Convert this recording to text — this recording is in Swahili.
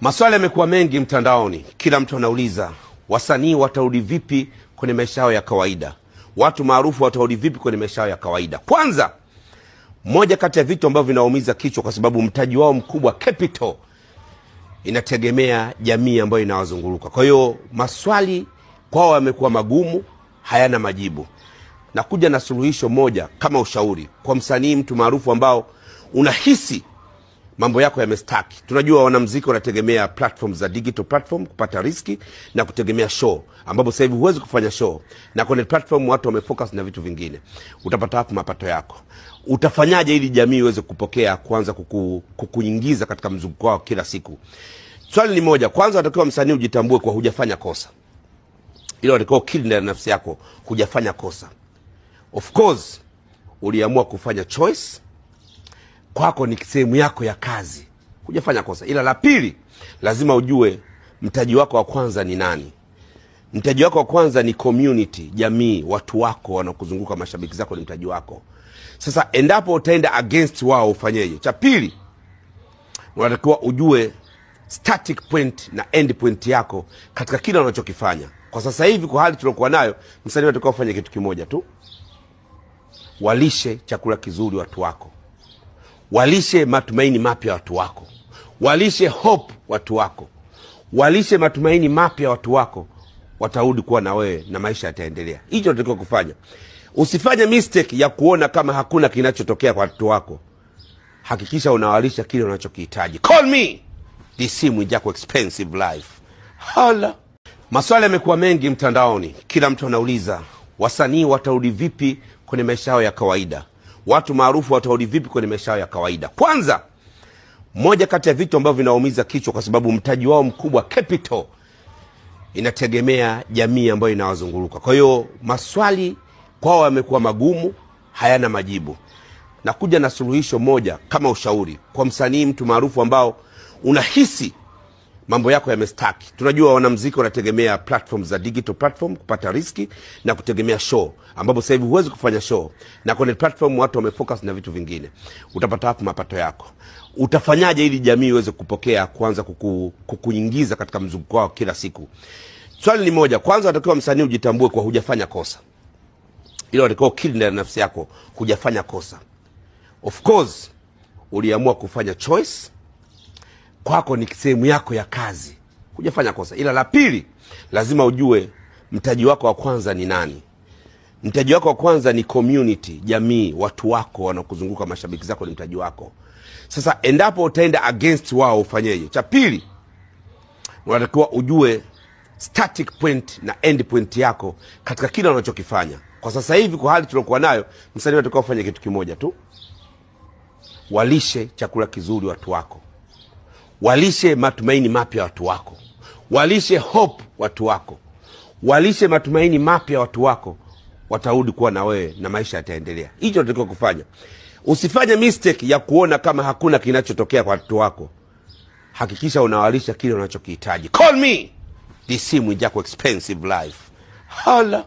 Maswali yamekuwa mengi mtandaoni, kila mtu anauliza wasanii watarudi vipi kwenye maisha yao ya kawaida, watu maarufu watarudi vipi kwenye maisha yao ya kawaida. Kwanza, moja kati ya vitu ambavyo vinaumiza kichwa, kwa sababu mtaji wao mkubwa capital inategemea jamii ambayo inawazunguruka. Kwa hiyo maswali kwao yamekuwa magumu, hayana majibu. Nakuja na suluhisho moja kama ushauri kwa msanii, mtu maarufu ambao unahisi mambo yako yamestaki. Tunajua wanamziki wanategemea platform za digital platform kupata riski na kutegemea show, ambapo sasa hivi huwezi kufanya show na kwenye platform watu wamefocus na vitu vingine. Utapata hapo mapato yako. Utafanyaje ili jamii iweze kupokea kwanza, kuku, kukuingiza katika mzunguko wao kila siku? Swali ni moja. Kwanza watakiwa msanii ujitambue kwa hujafanya kosa, ilo watakiwa ukiri ndani ya nafsi yako, hujafanya kosa. Of course uliamua kufanya choice kwako ni sehemu yako ya kazi, hujafanya kosa. Ila la pili, lazima ujue mtaji wako wa kwanza ni nani. Mtaji wako wa kwanza ni community, jamii, watu wako wanaokuzunguka, mashabiki zako ni mtaji wako. Sasa endapo utaenda against wao ufanyeje? Cha pili, unatakiwa ujue starting point na end point yako katika kila unachokifanya. Kwa sasa hivi, kwa hali tuliokuwa nayo, msanii anatakiwa ufanye kitu kimoja tu, walishe chakula kizuri watu wako. Walishe matumaini mapya watu wako, walishe hope watu wako, walishe matumaini mapya watu wako, watarudi kuwa na wewe na maisha yataendelea. Hicho natakiwa kufanya. Usifanye mistake ya kuona kama hakuna kinachotokea kwa watoto wako. Hakikisha unawalisha kile unachokihitaji. Call me this simu expensive life. Hala, maswali yamekuwa mengi mtandaoni, kila mtu anauliza wasanii watarudi vipi kwenye maisha yao ya kawaida watu maarufu watarudi vipi kwenye maisha yao ya kawaida? Kwanza, moja kati ya vitu ambavyo vinaumiza kichwa, kwa sababu mtaji wao mkubwa capital inategemea jamii ambayo inawazunguruka. Kwa hiyo maswali kwao yamekuwa magumu, hayana majibu. Nakuja na suluhisho moja kama ushauri kwa msanii, mtu maarufu ambao unahisi mambo yako yamestaki. Tunajua wanamuziki wanategemea platform za digital platform kupata riski na kutegemea show, ambapo sasa hivi huwezi kufanya show na kwenye platform watu wamefocus na vitu vingine. Utapata hapo mapato yako. Utafanyaje ili jamii iweze kupokea kwanza, kuku, kukuingiza katika mzunguko wao kila siku? Swali ni moja. Kwanza watakiwa msanii ujitambue kwa hujafanya kosa, ilo watakiwa ukiri ndani ya nafsi yako, hujafanya kosa. Of course uliamua kufanya choice kwako ni sehemu yako ya kazi, hujafanya kosa. Ila la pili, lazima ujue mtaji wako wa kwanza ni nani. Mtaji wako wa kwanza ni community, jamii, watu wako wanaokuzunguka, mashabiki zako ni mtaji wako. Sasa endapo utaenda against wao ufanyeje? Cha pili, unatakiwa ujue starting point na end point yako katika kila unachokifanya. Kwa sasa hivi, kwa hali tuliokuwa nayo, msanii anatakiwa ufanye kitu kimoja tu, walishe chakula kizuri watu wako. Walishe matumaini mapya watu wako, walishe hope watu wako, walishe matumaini mapya watu wako, watarudi kuwa na wewe na maisha yataendelea. Hicho tunatakiwa kufanya. Usifanye mistake ya kuona kama hakuna kinachotokea kwa watoto wako. Hakikisha unawalisha kile unachokihitaji. Call me this simu with expensive life. Hala.